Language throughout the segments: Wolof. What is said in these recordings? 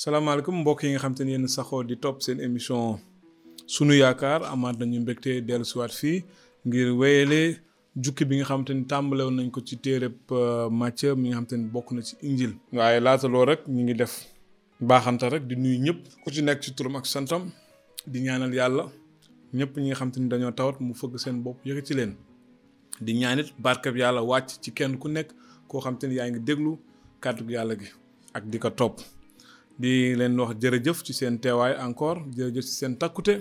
salaamaaleykum mbokk yi nga xam te ne yéen saxoo di topp seen émission sunu yaakaar amaat nañu mbégte dellusiwaat fii ngir wéyale jukki bi nga xam te ni tàmbale woon nañ ko ci téereb euh, Matthieu mi nga xam te ni bokk na ci injil waaye laataloo rek ñu ngi def baaxanta rek di nuyu ñëpp ku ci nekk ci turam ak santam di ñaanal yàlla ñëpp ñi nga xam te ni dañoo tawat mu fëgg seen bopp yëkkati ci leen di ñaanit barkeb yàlla wàcc ci kenn ku nekk koo xam te ni yaa ngi déglu kàddu yàlla gi ak di ko topp di len wax jërëjëf ci seen teewaay encore jërëjëf ci seen takkute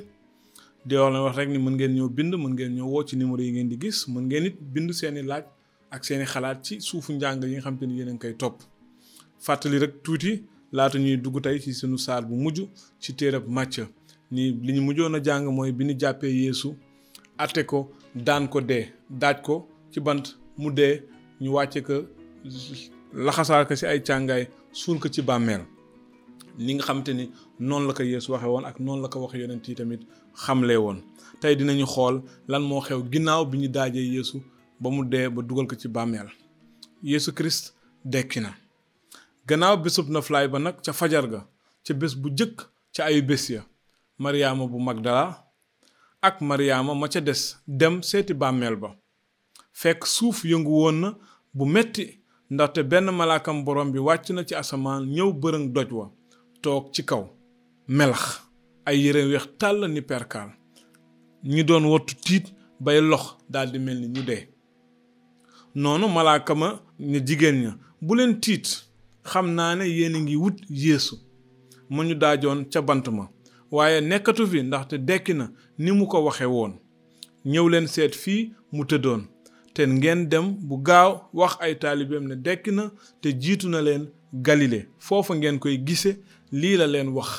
di wax leen wax rek ni mën ngeen ñoo bind mën ngeen ñoo woo ci numéro yi ngeen di gis mën ngeen it bind seeni laaj ak seeni xalaat ci suufu njàng yi nga xam te ni yéen a koy topp fàttali rek tuuti laata ñuy dugg tey ci sunu saar bu mujj ci téerab màcc ni li ñu mujjoon a jàng mooy bi Yesu, jàppee yeesu atte ko daan ko dee daaj ko ci bant mu dee ñu wàcce ko laxasaar ko si ay càngaay suul ko ci bàmmeel ni nga xamante ni noonu la ko yéesu waxee woon ak noonu la ko wax yonent yi tamit xamlee woon tey dinañu xool lan moo xew ginnaaw bi ñu daajee yéesu ba mu dee ba dugal ko ci bàmmeel Yeesu Christ dekki na gannaaw bésub noflaay ba nag ca fajar ga ca bés bu jëkk ca ayu bés ya Mariyaama bu Magdala ak Mariyaama ma ca des dem seeti bàmmeel ba fekk suuf yënguwoon na bu metti ndaxte benn malaakam borom bi wàcc na ci asamaan ñëw bërëng doj wa toog ci kaw melax ay yére weex tàll ni perkaal ñi doon wattu tiit bay lox daldi mel ni ñu dee noonu malaaka ma ne jigéen ña buleen tiit xam naa ne yéen a ngi wut yéesu ma ñu daajoon ca bant ma waaye nekkatu fi ndaxte dekki na ni mu ko waxe woon ñëw leen seet fii mu tëddoon te ngeen dem bu gaaw wax ay taalibeem ne dekki na te jiitu na leen galile foofa ngeen koy gise lii la leen wax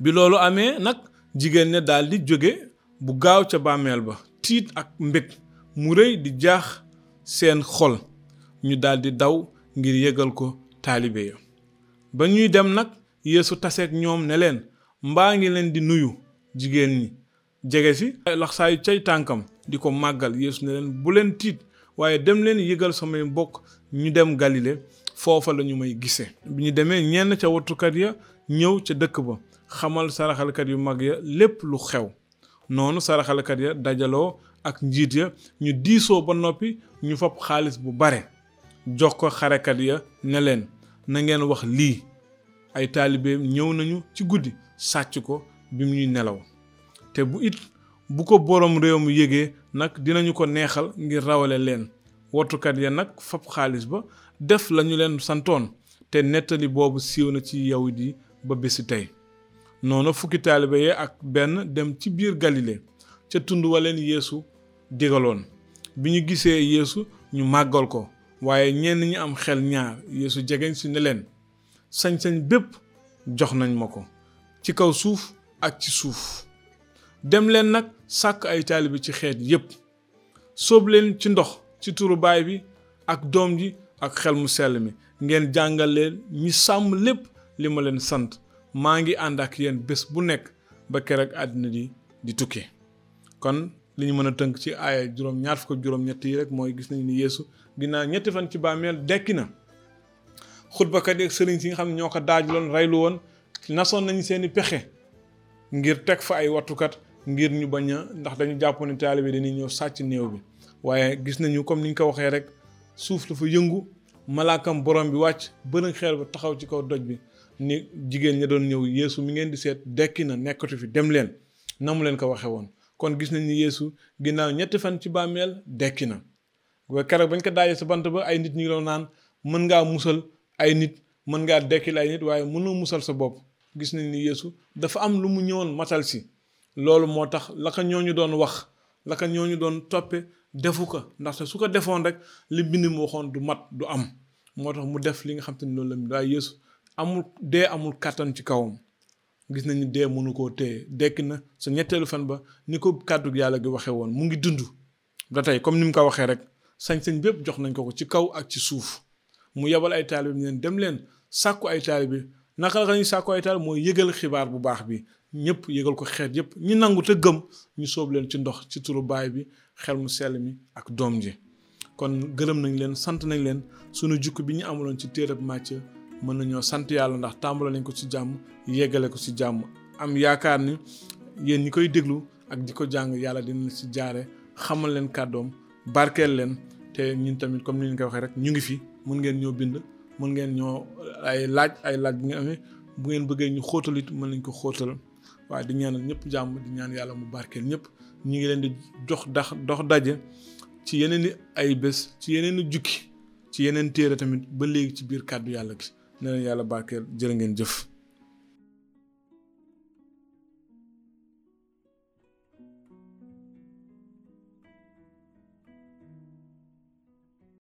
bi loolu amee nag jigéen ne daldi jóge bu gaaw ca bàmmeel ba tiit ak mbég mu rëy di jaax seen xol ñu daldi daw ngir yëgal ko taalibe ya ba ñuy dem nag yéesu taseeg ñoom ne leen mbaa ngi leen di nuyu jigéen ñi jege si laxsaayu cay tànkam di ko màggal Yeesu ne leen bu leen tiit waaye dem leen yëgal samay mbokk ñu dem Galile foofa lañu may gisee. bi ñu demee ñenn ca wattukat ya ñëw ca dëkk ba xamal saraxalkat yu mag ya lépp lu xew noonu saraxalkat ya dajaloo ak njiit ya ñu diisoo ba noppi ñu fab xaalis bu bare jox ko xarekat ya ne leen na ngeen wax lii ay taalibeem ñëw nañu ci guddi sàcc ko bi mu nelaw te bu it bu ko boroom réew mu yëgee nag dinañu ko neexal ngir rawale leen wotukat ya nag fab xaalis ba def lañu leen santoon te nettali boobu siiw na ci yawut yi ba bési tey noonu fukki taalibe yi ak benn dem ci biir galile ca tund wa leen yeesu digaloon bi ñu gisee yéesu ñu màggal ko waaye ñenn ñi am xel ñaar yéesu jegeñ si ne leen sañ-sañ bépp jox nañ ma ko ci kaw suuf ak ci suuf dem leen nag sàkk ay taalibe ci xeet yépp sóob leen ci ndox ci turu baay bi ak doom ji ak xel mu sell mi ngeen jàngal leen ñi sàmm lépp li ma leen sant maa ngi ànd ak yéen bés bu nekk ba keroog àddina di di tukki kon li ñu mën a tënk ci aaya juróom ñaar fukk juróom-ñett yi rek mooy gis nañu ni yéesu ginnaaw ñetti fan ci bàmmeel dekki na xutbakat yi ak sëriñ si nga xam ñoo ko daaj loon reylu woon nasoon nañu seeni pexe ngir teg fa ay wattukat ngir ñu bañ a ndax dañu jàpp ne taalibe dañuy ñëw sàcc néew bi waaye gis nañu comme ni ñu ko waxee rek suuf dafa yëngu malaakam borom bi wàcc bërëng xeer ba taxaw ci kaw doj bi ni jigéen ña doon ñëw yéesu mi ngeen di seet dekki na nekkatu fi dem leen na mu leen ko waxee woon kon gis nañ ni yeesu ginnaaw ñetti fan ci bàmmeel dekki na waaye keroog bañ ko daajee sa bant ba ay nit ñu ngi doon naan mën ngaa musal ay nit mën ngaa dekkil ay nit waaye mënoo musal sa bopp gis nañ ni yeesu dafa am lu mu ñëwoon matal si loolu moo tax la ñoo ñu doon wax la ñoo ñu doon toppe defu ko ndaxte su ko defoon rek li bind mu waxoon du mat du am moo tax mu def li nga xam te ni loolu la waaye Yeesu amul dee amul kàttan ci kawam gis nañu dee mënu koo téye dekk na sa ñetteelu fan ba ni ko kàddu yàlla gi waxee woon mu ngi dund da tey comme ni mu ko waxee rek sañ-sañ bépp jox nañ ko ko ci kaw ak ci suuf mu yebal ay taalibe bi leen dem leen sàkku ay taalibe bi naka la ñuy sàkkoo itaal mooy yëgal xibaar bu baax bi ñëpp yëgal ko xeet yëpp ñu nangu te gëm ñu soob leen ci ndox ci turu baay bi xel mu sell mi ak doom ji kon gërëm nañ leen sant nañ leen sunu jukk bi ñu amaloon ci téereb Macë mën nañoo sant yàlla ndax tàmbale nañ ko ci jàmm yeggale ko ci jàmm am yaakaar ni yéen ñi koy déglu ak di jàng yàlla dina si jaare xamal leen kàddoom barkeel leen te ñun tamit comme ni ñu koy waxee rek ñu ngi fi mun ngeen ñoo bind mën ngeen ñoo ay laaj ay laaj bu ngeen amee bu ngeen bëggee ñu xóotal it mën nañ ko xóotal waaye di ñaanal ñëpp jàmm di ñaan yàlla mu barkeel ñëpp ñu ngi leen di jox dax dox daje ci yeneen i ay bés ci yeneen i jukki ci yeneen téere tamit ba léegi ci biir kàddu yàlla gi ne yàlla barkeel jërë ngeen jëf